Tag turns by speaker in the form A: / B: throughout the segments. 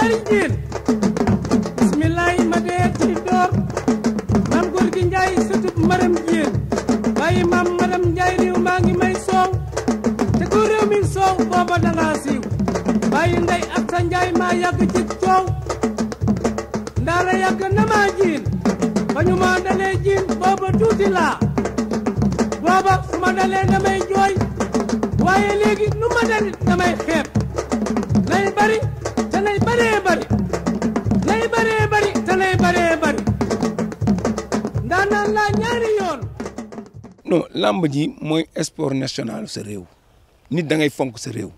A: lari jiin bismillaay ma dee ci maam góor njaay sëtub maram jiin bàyyi maam maram njaay riw maa ngi may soow te ku mi soow booba danga siiw ndey ak njaay maa yàgg ci coow ndaara yàgg na maa jiin ba maa dalee jiin booba tuuti booba su ma dalee damay jooy waaye léegi nu ma dalit damay xeeb nay bari
B: non làmb ji mooy sport national nacional réew nit da ngay fonk sa réew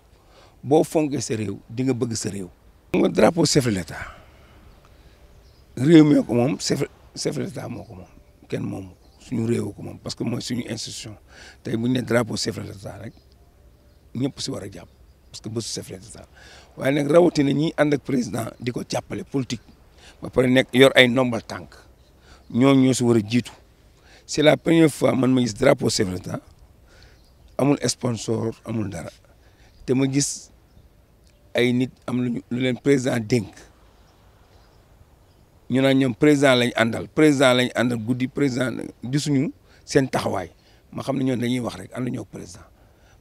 B: boo fonkee sa réew di nga bëgg sa réew. nga drapeau chef de l'État réew mi ko moom chef chef de l'État moo ko moom kenn moom eu réew ko moom parce que mooy suñu institution tey bu ñu nee drapeau chef de l'État rek ñëpp si war a jàpp parce que bésu chef de l'État waaye nag rawatina ñi ànd ak président di ko jàppale politique ba o nekk yor ay ndombal tànk ñooñu ñoo si war a jiitu. c'est la première fois man ma gis drapeau chef de l'État amul sponsor amul dara te ma gis ay nit am lu leen président dénk ñu naan président lañ andal président lañ andal goudi président gisuñu sen taxaway ma xamni ne dañuy wax rek ànd ñoo président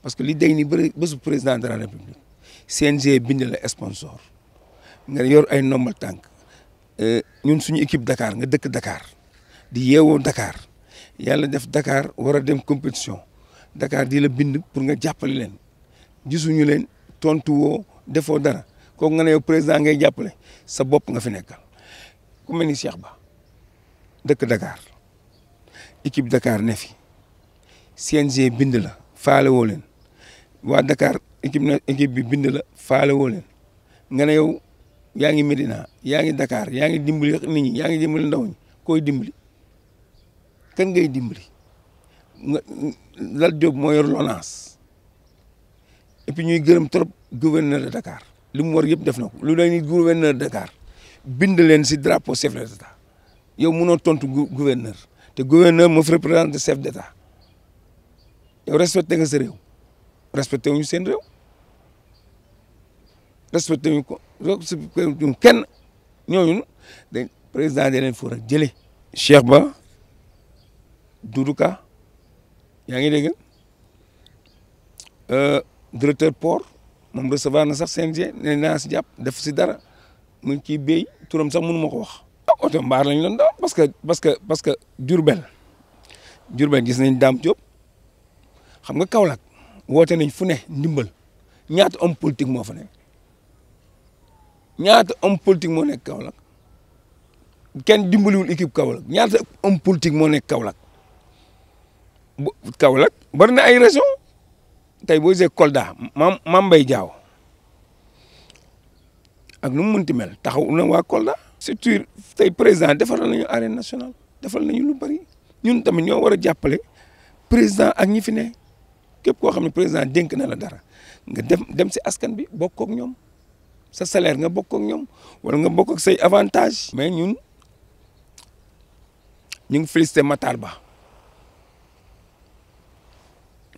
B: parce que li day ni bëri président de la république CNG bind la sponsor nga yor ay tank euh ñun suñu équipe Dakar nga dëkk Dakar di yeewoo Dakar. yàlla def dakaar war a dem compétition dakaar di la bind pour nga jàppale leen gisuñu leen tontu woo defoo dara kooku nga ne yow président ngay jàppale sa bopp nga fi nekkal ku mel ni Cheikh Ba dëkk dakaar équipe dakaar ne fi CNG bind la faale woo leen waa Dakar équipe na équipe bi bind la faale woo leen nga ne yow yaa ngi Médina yaa ngi Dakar yaa ngi dimbali ni ñi yaa ngi dimbali ndaw ñi koy dimbali. kan ngay dimbali nga Lat Diop yor LONASE et puis ñuy gërëm trop gouverneur de Dakar li mu war yëpp def na ko lu leen gouverneur de Dakar bind leen si drapeau chef de l'État yow mënoo tontu gouverneur te gouverneur moo fi représenté chef d'État yow respecté nga sa réew respecté wuñu seen réew respecté wuñu ko kenn ñooñu président de leen foo rek jëlee Cheikh Ba Doudouka yaa ngi dégg euh, directeur port moom recevoir na sax CNG nee naa si jàpp def si dara mu ngi ciy béy turam sax mënu ma ko wax. Ah, oto mbaar lañ doon dawal parce que parce que parce que Diourbel Diourbel gis nañ Dame Diop xam nga Kaolack woote nañ fu ne ndimbal ñaata homme politique moo fa nekk ñaata homme politique moo nekk Kaolack kenn dimbaliwul équipe Kaolack ñaata homme politique moo nekk Kaolack kaw Kaolack bari na ay région tey boo gisee Kolda ma maam Mbaye Diaw ak nu munti mel taxaw na waa Kolda. surtout tey président defaral nañu arène nationale defal nañu lu bari ñun tamit ñoo war a jàppale président ak ñi fi ne képp koo xam ne président dénk na la dara nga dem dem si askan bi bokk ak ñoom sa salaire nga bokk ak ñoom wala nga bokk ak say avantage mais ñun ñu ngi félicité Matar Ba.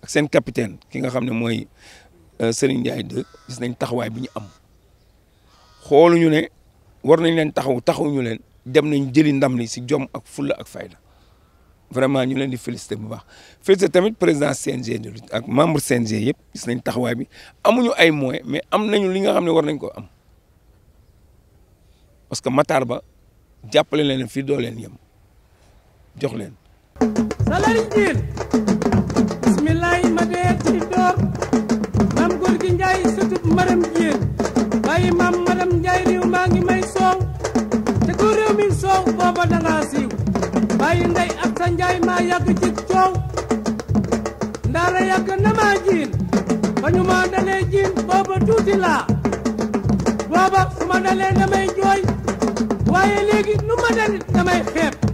B: ak seen capitaine ki nga xam ne mooy euh, Serigne Ndiaye 2 gis nañ taxawaay bi ñu am xooluñu ne war nañ leen taxaw taxawuñu leen dem nañ jëli ndam li si jom ak fulla ak fayda vraiment ñu leen di félicité bu baax félicité tamit président CNG de lutte ak membre CNG yëpp gis nañ taxawaay bi amuñu ay mooy mais am nañu li nga xam ne war nañ ko am parce que Matar Ba jàppale leen fii doo leen yem jox leen.
A: Salar Diène. bismilaay ma dee ci door maam góor njaay sëtub maram jéen bàyyi maam maram njaay réew maa ngi may soow te ku réew mi soow booba danga siiw ndey ak sa njaay maa yàgg ci coow ndaara yàgg na maa jiin ba ñu maa dalee jiin booba tuuti laa booba su ma dalee damay jooy waaye léegi nu ma dalit damay xeeb